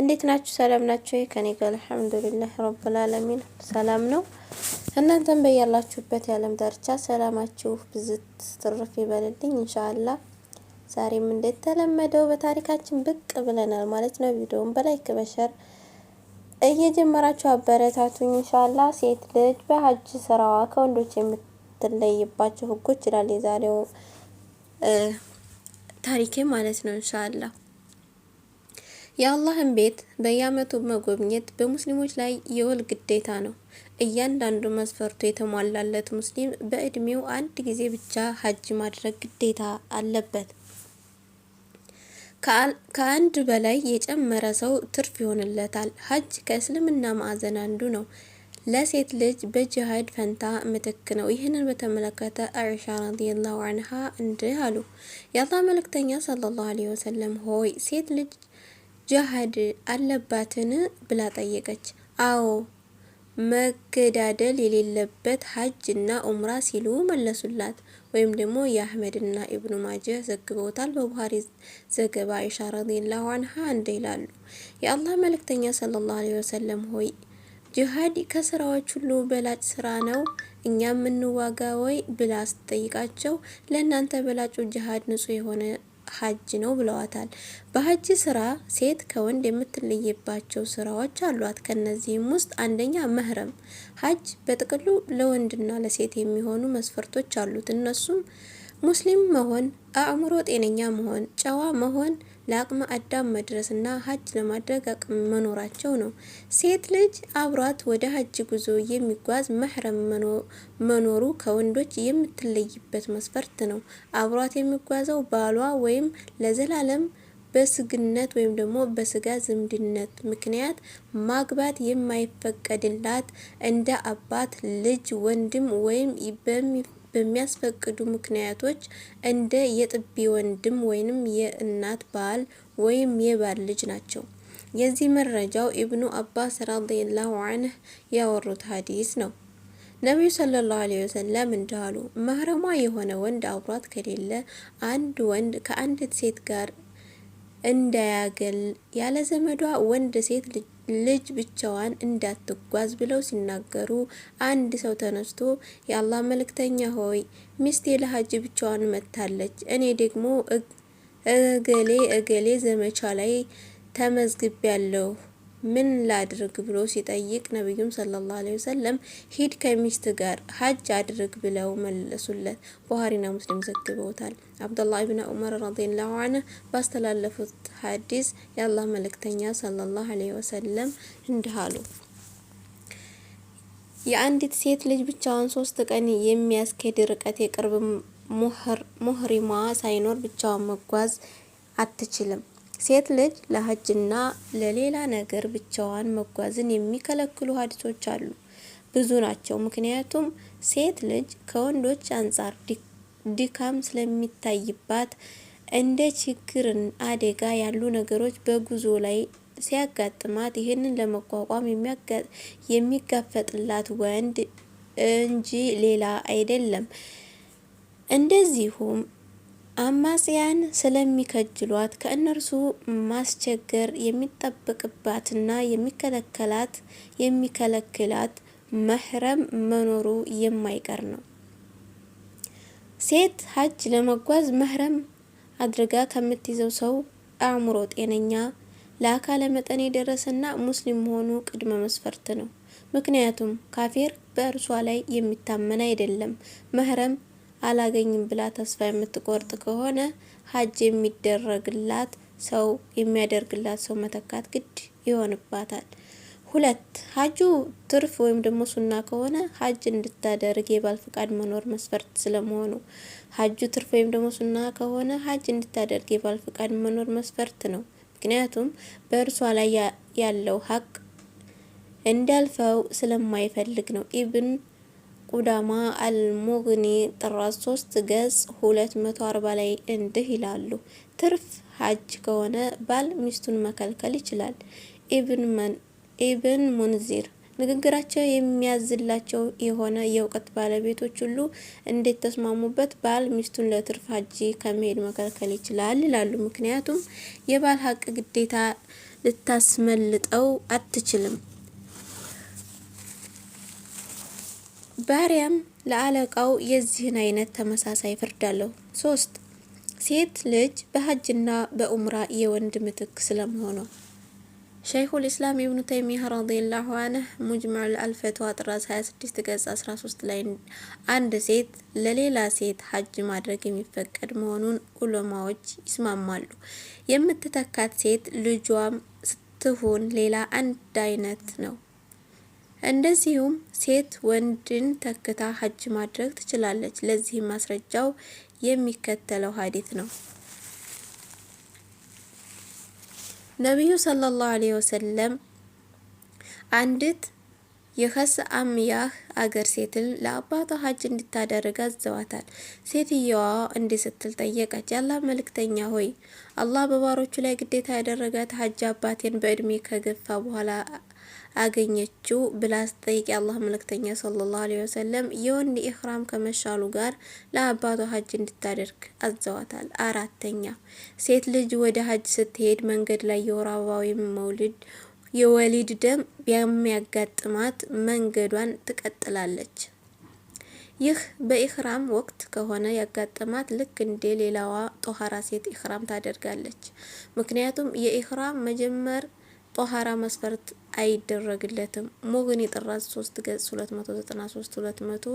እንዴት ናችሁ? ሰላም ናችሁ? ከኔ ጋር አልሐምዱሊላህ ረብል ዓለሚን ሰላም ነው። እናንተም በያላችሁበት የዓለም ዳርቻ ሰላማችሁ ብዝት ትርፍ ይበልልኝ። ኢንሻአላህ ዛሬም እንደተለመደው በታሪካችን ብቅ ብለናል ማለት ነው። ቪዲዮውን በላይክ በሸር እየጀመራችሁ አበረታቱኝ። ኢንሻአላህ ሴት ልጅ በሀጅ ስራዋ ከወንዶች የምትለይባቸው ህጎች ይላል የዛሬው ታሪኬ ማለት ነው። ኢንሻአላህ የአላህን ቤት በየዓመቱ መጎብኘት በሙስሊሞች ላይ የወል ግዴታ ነው። እያንዳንዱ መስፈርቱ የተሟላለት ሙስሊም በእድሜው አንድ ጊዜ ብቻ ሀጅ ማድረግ ግዴታ አለበት። ከአንድ በላይ የጨመረ ሰው ትርፍ ይሆንለታል። ሀጅ ከእስልምና ማዕዘን አንዱ ነው። ለሴት ልጅ በጅሃድ ፈንታ ምትክ ነው። ይህንን በተመለከተ አይሻ ረዲየላሁ አንሃ እንዲህ አሉ። የአላህ መልእክተኛ ሰለላሁ ዐለይሂ ወሰለም ሆይ ሴት ልጅ ጅሃድ አለባትን ብላ ጠየቀች። አዎ መገዳደል የሌለበት ሀጅ እና ኡምራ ሲሉ መለሱላት። ወይም ደግሞ የአህመድ ኢብኑ ማጀህ ዘግበውታል። በቡሃሪ ዘገባ አይሻ ረዲየላሁ አንሃ እንደ ይላሉ የአላህ መልእክተኛ ሰለላሁ ዐለይሂ ወሰለም ሆይ ጅሃድ ከስራዎች ሁሉ በላጭ ስራ ነው፣ እኛም እንዋጋ ወይ ብላ ስትጠይቃቸው ለእናንተ በላጩ ጅሃድ ንጹህ የሆነ ሀጅ ነው ብለዋታል። በሀጅ ስራ ሴት ከወንድ የምትለይባቸው ስራዎች አሏት። ከነዚህም ውስጥ አንደኛ መህረም። ሀጅ በጥቅሉ ለወንድና ለሴት የሚሆኑ መስፈርቶች አሉት። እነሱም ሙስሊም መሆን፣ አእምሮ ጤነኛ መሆን፣ ጨዋ መሆን ለአቅመ አዳም መድረስና ሀጅ ለማድረግ አቅም መኖራቸው ነው። ሴት ልጅ አብሯት ወደ ሀጅ ጉዞ የሚጓዝ መህረም መኖሩ ከወንዶች የምትለይበት መስፈርት ነው። አብሯት የሚጓዘው ባሏ ወይም ለዘላለም በስግነት ወይም ደግሞ በስጋ ዝምድነት ምክንያት ማግባት የማይፈቀድላት እንደ አባት፣ ልጅ፣ ወንድም ወይም በሚያስፈቅዱ ምክንያቶች እንደ የጥቢ ወንድም ወይንም የእናት ባል ወይም የባል ልጅ ናቸው። የዚህ መረጃው ኢብኑ አባስ ረዲየላሁ አንህ ያወሩት ሀዲስ ነው። ነቢዩ ሰለላሁ ዐለይሂ ወሰለም እንዳሉ መህረሟ የሆነ ወንድ አብሯት ከሌለ አንድ ወንድ ከአንዲት ሴት ጋር እንዳያገል ያለ ዘመዷ ወንድ ሴት ልጅ ብቻዋን እንዳትጓዝ ብለው ሲናገሩ አንድ ሰው ተነስቶ የአላህ መልእክተኛ ሆይ ሚስቴ ለሀጅ ብቻዋን መጥታለች፣ እኔ ደግሞ እገሌ እገሌ ዘመቻ ላይ ያለሁ ምን ላድርግ ብሎ ሲጠይቅ ነቢዩም ሰለላሁ ዐለይሂ ወሰለም ሂድ ከሚስት ጋር ሀጅ አድርግ ብለው መለሱለት። ቡሃሪና ሙስሊም ዘግበውታል። አብዱላህ ኢብኑ ዑመር ረዲየላሁ ዐንሁ ባስተላለፉት ሀዲስ የአላህ መልእክተኛ ሰለላሁ ዐለይሂ ወሰለም እንዲህ አሉ የአንዲት ሴት ልጅ ብቻዋን ሶስት ቀን የሚያስኬድ ርቀት የቅርብ ሙህሪሟ ሳይኖር ብቻዋን መጓዝ አትችልም። ሴት ልጅ ለሀጅና ለሌላ ነገር ብቻዋን መጓዝን የሚከለክሉ ሀዲሶች አሉ። ብዙ ናቸው። ምክንያቱም ሴት ልጅ ከወንዶች አንጻር ድካም ስለሚታይባት እንደ ችግርን፣ አደጋ ያሉ ነገሮች በጉዞ ላይ ሲያጋጥማት ይህንን ለመቋቋም የሚጋፈጥላት ወንድ እንጂ ሌላ አይደለም። እንደዚሁም አማጽያን ስለሚከጅሏት ከእነርሱ ማስቸገር የሚጠበቅባትና የሚከለከላት የሚከለክላት መህረም መኖሩ የማይቀር ነው። ሴት ሀጅ ለመጓዝ መህረም አድርጋ ከምትይዘው ሰው አእምሮ ጤነኛ፣ ለአካለ መጠን የደረሰና ሙስሊም መሆኑ ቅድመ መስፈርት ነው። ምክንያቱም ካፌር በእርሷ ላይ የሚታመን አይደለም። መህረም አላገኝም ብላ ተስፋ የምትቆርጥ ከሆነ ሀጅ የሚደረግላት ሰው የሚያደርግላት ሰው መተካት ግድ ይሆንባታል። ሁለት ሀጁ ትርፍ ወይም ደግሞ ሱና ከሆነ ሀጅ እንድታደርግ የባል ፍቃድ መኖር መስፈርት ስለመሆኑ ሀጁ ትርፍ ወይም ደግሞ ሱና ከሆነ ሀጅ እንድታደርግ የባል ፍቃድ መኖር መስፈርት ነው። ምክንያቱም በእርሷ ላይ ያለው ሀቅ እንዳልፈው ስለማይፈልግ ነው። ኢብን ኡዳማ አልሙግኒ ጥራት 3 ገጽ 240 ላይ እንዲህ ይላሉ። ትርፍ ሀጅ ከሆነ ባል ሚስቱን መከልከል ይችላል። ኢብን ሙንዚር ንግግራቸው የሚያዝላቸው የሆነ የእውቀት ባለቤቶች ሁሉ እንዴት ተስማሙበት? ባል ሚስቱን ለትርፍ ሀጅ ከመሄድ መከልከል ይችላል ይላሉ። ምክንያቱም የባል ሀቅ ግዴታ ልታስመልጠው አትችልም። ባሪያም ለአለቃው የዚህን አይነት ተመሳሳይ ፍርድ አለው። ሶስት ሴት ልጅ በሀጅና በኡምራ የወንድ ምትክ ስለመሆኗ ሸይኹል ኢስላም ኢብኑ ተይሚያ ረዲየላሁ አንህ ሙጅመዕ አልፈትዋ ጥራዝ 26 ገጽ 13 ላይ አንድ ሴት ለሌላ ሴት ሀጅ ማድረግ የሚፈቀድ መሆኑን ዑለማዎች ይስማማሉ። የምትተካት ሴት ልጇም ስትሆን ሌላ አንድ አይነት ነው። እንደዚሁም ሴት ወንድን ተክታ ሀጅ ማድረግ ትችላለች። ለዚህም ማስረጃው የሚከተለው ሀዲት ነው። ነቢዩ ሰለላሁ ዐለይሂ ወሰለም አንዲት የከስአም አምያህ አገር ሴትን ለአባቷ ሀጅ እንድታደርግ አዘዋታል። ሴትየዋ እንዲህ ስትል ጠየቀች፣ ያላህ መልእክተኛ ሆይ አላህ በባሮቹ ላይ ግዴታ ያደረጋት ሀጅ አባቴን በእድሜ ከገፋ በኋላ አገኘችው ብላ ስጠይቅ የአላህ መልእክተኛ ሰለላሁ ዐለይሂ ወሰለም የወንድ ኢህራም ከመሻሉ ጋር ለአባቷ ሀጅ እንድታደርግ አዘዋታል። አራተኛ ሴት ልጅ ወደ ሀጅ ስትሄድ መንገድ ላይ የወር አበባ ወይም መውሊድ የወሊድ ደም የሚያጋጥማት መንገዷን ትቀጥላለች። ይህ በኢህራም ወቅት ከሆነ ያጋጠማት ልክ እንደ ሌላዋ ጦሃራ ሴት ኢህራም ታደርጋለች። ምክንያቱም የኢህራም መጀመር ጦሃራ መስፈርት አይደረግለትም። ሞግን የጥራዝ 3 ገጽ 293 200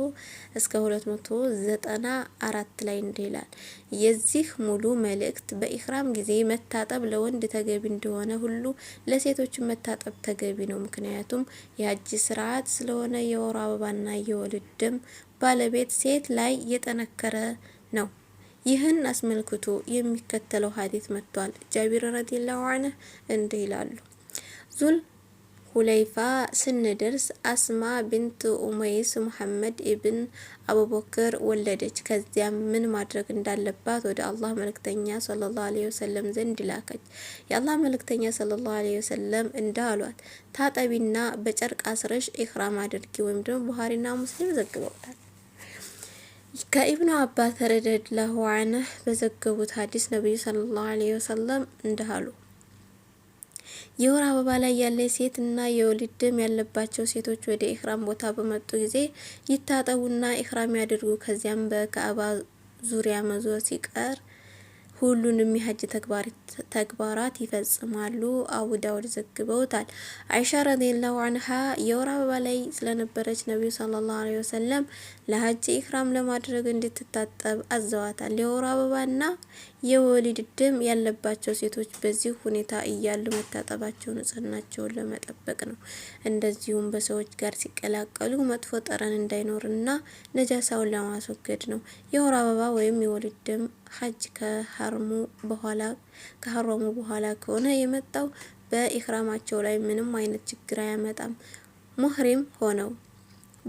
እስከ 294 ላይ እንዲህ ይላል። የዚህ ሙሉ መልእክት በኢህራም ጊዜ መታጠብ ለወንድ ተገቢ እንደሆነ ሁሉ ለሴቶች መታጠብ ተገቢ ነው። ምክንያቱም የሀጅ ስርዓት ስለሆነ የወር አበባና የወሊድ ደም ባለቤት ሴት ላይ የጠነከረ ነው። ይህን አስመልክቶ የሚከተለው ሀዲት መጥቷል። ጃቢር ረዲላሁ አንህ እንዲህ ይላሉ ዙል ሁለይፋ ስንደርስ አስማ ቢንት ኡመይስ ሙሐመድ ኢብን አቡበክር ወለደች። ከዚያም ምን ማድረግ እንዳለባት ወደ አላህ መልእክተኛ ሰለላሁ ዐለይሂ ወሰለም ዘንድ ላከች። የአላህ መልእክተኛ ሰለላሁ ዐለይሂ ወሰለም እንደ አሏት ታጠቢና በጨርቅ አስረሽ ኢህራም አድርጊ። ወይም ደግሞ ቡኻሪና ሙስሊም ዘግበውታል። ከኢብኑ አባስ ረዲየላሁ ዐንሁ በዘገቡት ሀዲስ ነብዩ ሰለላሁ ዐለይሂ ወሰለም እንደ አሉ የወር አበባ ላይ ያለች ሴት እና የወሊድ ደም ያለባቸው ሴቶች ወደ ኢህራም ቦታ በመጡ ጊዜ ይታጠቡና ኢህራም ያድርጉ። ከዚያም በካዕባ ዙሪያ መዞር ሲቀር ሁሉንም የሀጅ ተግባራት ይፈጽማሉ። አቡ ዳውድ ዘግበውታል። አይሻ ረዲየላሁ አንሃ የወር አበባ ላይ ስለነበረች ነቢዩ ሰለላሁ ዐለይሂ ወሰለም ለሀጅ ኢህራም ለማድረግ እንድትታጠብ አዘዋታል። የወር አበባና የወሊድ ደም ያለባቸው ሴቶች በዚህ ሁኔታ እያሉ መታጠባቸው ንጽህናቸውን ለመጠበቅ ነው። እንደዚሁም በሰዎች ጋር ሲቀላቀሉ መጥፎ ጠረን እንዳይኖርና ነጃሳውን ለማስወገድ ነው። የወር አበባ ወይም የወሊድ ደም ሀጅ ከሀረሙ በኋላ ከሀረሙ በኋላ ከሆነ የመጣው በኢህራማቸው ላይ ምንም አይነት ችግር አያመጣም። ሙህሪም ሆነው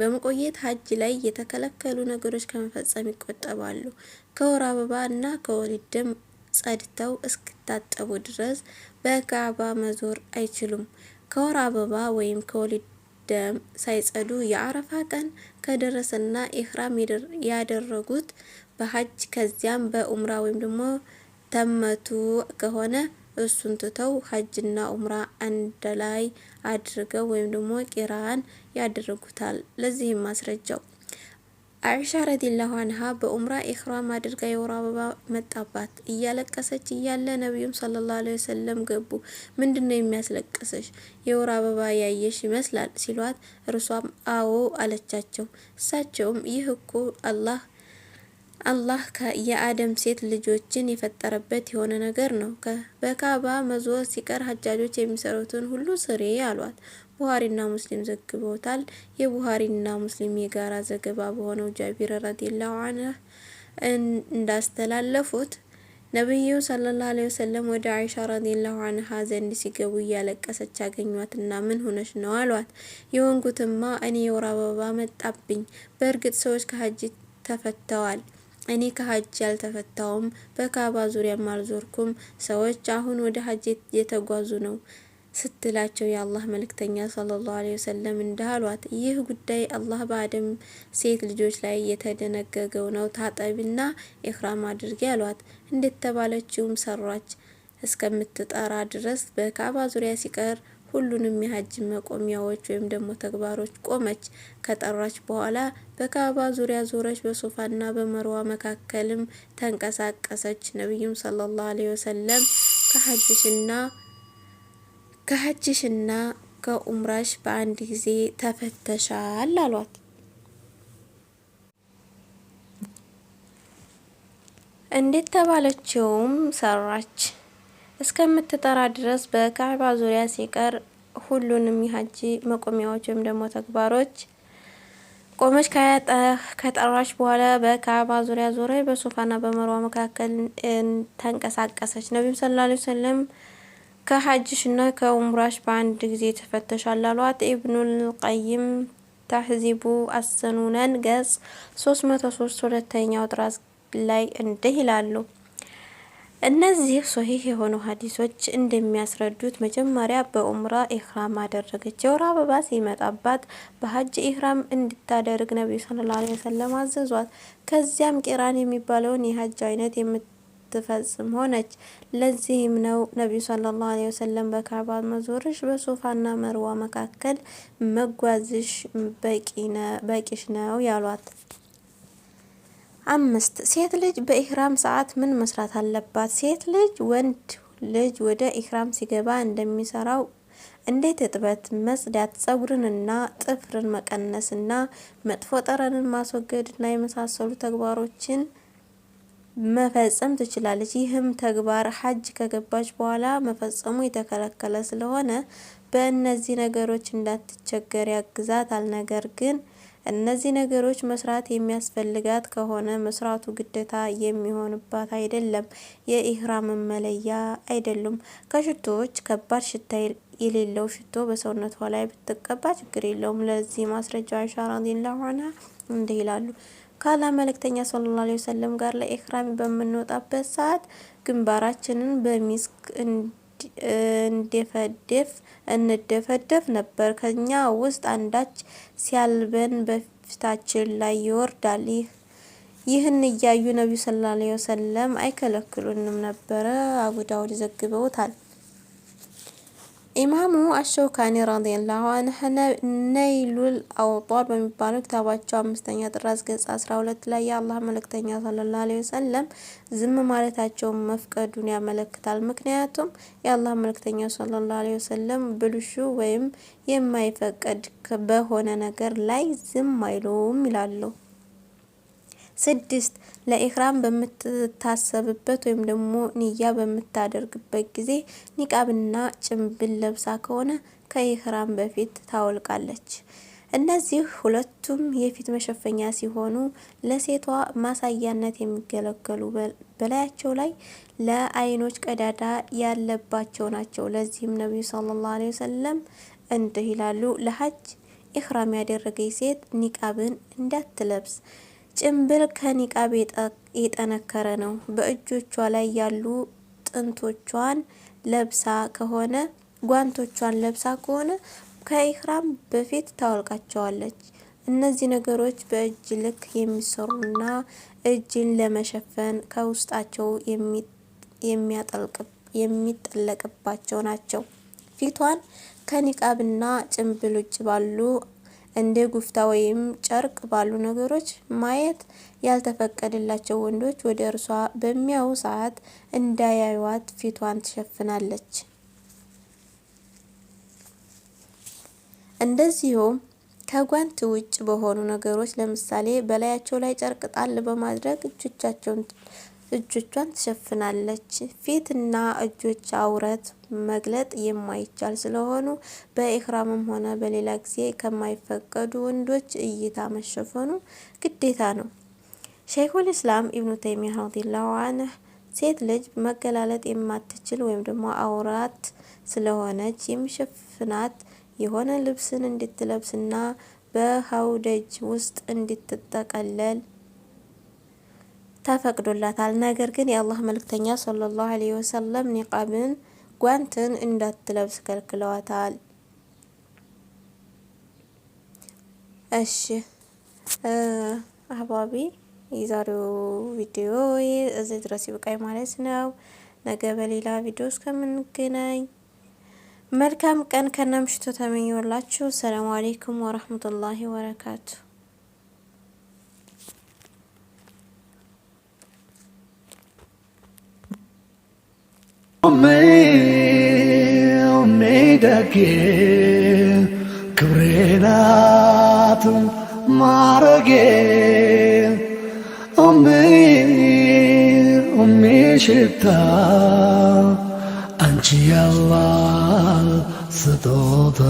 በመቆየት ሀጅ ላይ የተከለከሉ ነገሮች ከመፈጸም ይቆጠባሉ። ከወር አበባ እና ከወሊድ ደም ጸድተው እስክታጠቡ ድረስ በካዕባ መዞር አይችሉም። ከወር አበባ ወይም ከወሊድ ደም ሳይጸዱ የአረፋ ቀን ከደረሰና ኢህራም ያደረጉት በሀጅ ከዚያም በኡምራ ወይም ደግሞ ተመቱ ከሆነ እሱን ትተው ሀጅና ኡምራ አንድ ላይ አድርገው ወይም ደግሞ ቂራን ያደርጉታል። ለዚህም ማስረጃው አይሻ ረዲላሁ አንሃ በኡምራ ኢህራም አድርጋ የወር አበባ መጣባት። እያለቀሰች እያለ ነቢዩም ሰለላሁ ዐለይሂ ወሰለም ገቡ። ምንድን ነው የሚያስለቅሰሽ? የወር አበባ ያየሽ ይመስላል ሲሏት፣ እርሷም አዎ አለቻቸው። እሳቸውም ይህ እኮ አላህ አላህ የአደም ሴት ልጆችን የፈጠረበት የሆነ ነገር ነው። በካባ መዞር ሲቀር ሀጃጆች የሚሰሩትን ሁሉ ስሪ አሏት። ቡሃሪና ሙስሊም ዘግበውታል። የቡሃሪና ሙስሊም የጋራ ዘገባ በሆነው ጃቢር ረዲላሁ ዐንሁ እንዳስተላለፉት ነቢዩ ሰለላሁ ዐለይሂ ወሰለም ወደ አይሻ ረዲላሁ አንሃ ዘንድ ሲገቡ እያለቀሰች አገኟትና ምን ሆነች ነው አሏት። የወንጉትማ እኔ የወር አበባ መጣብኝ። በእርግጥ ሰዎች ከሀጅ ተፈተዋል፣ እኔ ከሀጅ አልተፈታውም። በካባ ዙሪያም አልዞርኩም። ሰዎች አሁን ወደ ሀጅ እየተጓዙ ነው። ስትላቸው የአላህ መልእክተኛ ሰለላሁ ዐለይሂ ወሰለም እንዳሏት ይህ ጉዳይ አላህ በአደም ሴት ልጆች ላይ የተደነገገው ነው፣ ታጠቢና ኢህራም አድርጊ አሏት። እንደተባለችውም ሰራች። እስከምትጠራ ድረስ በካባ ዙሪያ ሲቀር ሁሉንም የሀጅ መቆሚያዎች ወይም ደግሞ ተግባሮች ቆመች። ከጠራች በኋላ በካባ ዙሪያ ዞረች። በሶፋና በመርዋ መካከልም ተንቀሳቀሰች። ነቢዩም ሰለላሁ ዐለይሂ ወሰለም ከሀጅሽና ከሀጅሽና ከኡምራሽ በአንድ ጊዜ ተፈተሻል አሏት። እንዴት ተባለችውም ሰራች። እስከምትጠራ ድረስ በካዕባ ዙሪያ ሲቀር ሁሉንም የሀጂ መቆሚያዎች ወይም ደግሞ ተግባሮች ቆመች ከጠራች በኋላ በካዕባ ዙሪያ ዞረች። በሶፋና በመርዋ መካከል ተንቀሳቀሰች። ነቢዩ ሰለላሁ ዐለይሂ ወሰለም ከሀጅሽ እና ከኡምራሽ በአንድ ጊዜ ተፈተሻል አሏት። ኢብኑል ቀይም ታህዚቡ አሰኑነን ገጽ 303 ሁለተኛው ጥራዝ ላይ እንዲህ ይላሉ። እነዚህ ሶሂህ የሆኑ ሀዲሶች እንደሚያስረዱት መጀመሪያ በኡምራ ኢህራም አደረገች። የወር አበባ ሲመጣባት በሀጅ ኢህራም እንድታደርግ ነቢዩ ሰለላሁ ዐለይሂ ወሰለም አዘዟት። ከዚያም ቂራን የሚባለውን የሀጅ አይነት የምት የምትፈጽም ሆነች። ለዚህም ነው ነቢዩ ሰለላሁ ዐለይሂ ወሰለም በካዕባ መዞርሽ በሶፋና መርዋ መካከል መጓዝሽ በቂሽ ነው ያሏት። አምስት ሴት ልጅ በኢህራም ሰዓት ምን መስራት አለባት? ሴት ልጅ ወንድ ልጅ ወደ ኢህራም ሲገባ እንደሚሰራው እንዴት እጥበት፣ መጽዳት፣ ጸጉርንና ጥፍርን መቀነስና መጥፎ ጠረንን ማስወገድና የመሳሰሉ ተግባሮችን መፈጸም ትችላለች። ይህም ተግባር ሀጅ ከገባች በኋላ መፈጸሙ የተከለከለ ስለሆነ በእነዚህ ነገሮች እንዳትቸገር ያግዛታል። ነገር ግን እነዚህ ነገሮች መስራት የሚያስፈልጋት ከሆነ መስራቱ ግዴታ የሚሆንባት አይደለም። የኢህራም መለያ አይደሉም። ከሽቶዎች ከባድ ሽታ የሌለው ሽቶ በሰውነቷ ላይ ብትቀባ ችግር የለውም። ለዚህ ማስረጃ አይሻ ረዲየላሁ እንዲህ ይላሉ። ካላ መልእክተኛ ሰለላሁ ዐለይሂ ወሰለም ጋር ለኢህራም በምንወጣበት ሰዓት ግንባራችንን በሚስክ እንደፈደፍ እንደፈደፍ ነበር። ከኛ ውስጥ አንዳች ሲያልበን በፊታችን ላይ ይወርዳል። ይህን እያዩ ነቢዩ ሰለላሁ ዐለይሂ ወሰለም አይከለክሉንም ነበረ። አቡ ዳውድ ዘግበውታል። ኢማሙ አሸውካኒ ረዲየላሁ አንህ ነይሉል አውጣር በሚባለው ክታባቸው አምስተኛ ጥራዝ ገጽ ሁለት ላይ የአላህ መልእክተኛ ሰለላሁ ዐለይሂ ወሰለም ዝም ማለታቸውን መፍቀዱን ያመለክታል። ምክንያቱም የአላህ መልእክተኛ ሰለላሁ ዐለይሂ ወሰለም ብልሹ ወይም የማይፈቀድ በሆነ ነገር ላይ ዝም አይሉም ይላሉ። ስድስት ለኢህራም በምትታሰብበት ወይም ደግሞ ንያ በምታደርግበት ጊዜ ኒቃብና ጭንብል ለብሳ ከሆነ ከኢህራም በፊት ታወልቃለች። እነዚህ ሁለቱም የፊት መሸፈኛ ሲሆኑ ለሴቷ ማሳያነት የሚገለገሉ በላያቸው ላይ ለአይኖች ቀዳዳ ያለባቸው ናቸው። ለዚህም ነቢዩ ሰለላሁ ዐለይሂ ወሰለም እንዲህ ይላሉ፣ ለሀጅ ኢህራም ያደረገች ሴት ኒቃብን እንዳትለብስ ጭምብል ከኒቃብ የጠነከረ ነው። በእጆቿ ላይ ያሉ ጥንቶቿን ለብሳ ከሆነ ጓንቶቿን ለብሳ ከሆነ ከኢህራም በፊት ታወልቃቸዋለች። እነዚህ ነገሮች በእጅ ልክ የሚሰሩና እጅን ለመሸፈን ከውስጣቸው የሚጠለቅባቸው ናቸው። ፊቷን ከኒቃብና ጭምብል ውጭ ባሉ እንደ ጉፍታ ወይም ጨርቅ ባሉ ነገሮች ማየት ያልተፈቀደላቸው ወንዶች ወደ እርሷ በሚያዩ ሰዓት እንዳያዩዋት ፊቷን ትሸፍናለች። እንደዚሁም ከጓንት ውጭ በሆኑ ነገሮች ለምሳሌ በላያቸው ላይ ጨርቅ ጣል በማድረግ እጆቻቸውን እጆቿን ትሸፍናለች። ፊትና እጆች አውረት መግለጥ የማይቻል ስለሆኑ በኢህራምም ሆነ በሌላ ጊዜ ከማይፈቀዱ ወንዶች እይታ መሸፈኑ ግዴታ ነው። ሸይኹል ኢስላም ኢብኑ ተይሚያ ረዲየላሁ ዐንሁ ሴት ልጅ መገላለጥ የማትችል ወይም ደግሞ አውራት ስለሆነች የሚሸፍናት የሆነ ልብስን እንድትለብስና በሀውደጅ ውስጥ እንድትጠቀለል ተፈቅዶላታል። ነገር ግን የአላህ መልእክተኛ ሰለላሁ ዐለይሂ ወሰለም ኒቃብን ጓንትን እንዳትለብስ ከልክለዋታል። እሺ አህባቢ የዛሬው ቪዲዮ እዚህ ድረስ ይብቃኝ ማለት ነው። ነገ በሌላ ቪዲዮ እስከምንገናኝ መልካም ቀን ከነምሽቶ ተመኘውላችሁ። ሰላም አሌይኩም ወረህመቱላሂ ወበረካቱ። ደጌ ክብሬ ናት ማረጌ ኦሜ ኦሜ ሽታ አንቺ ያላ ስጦታ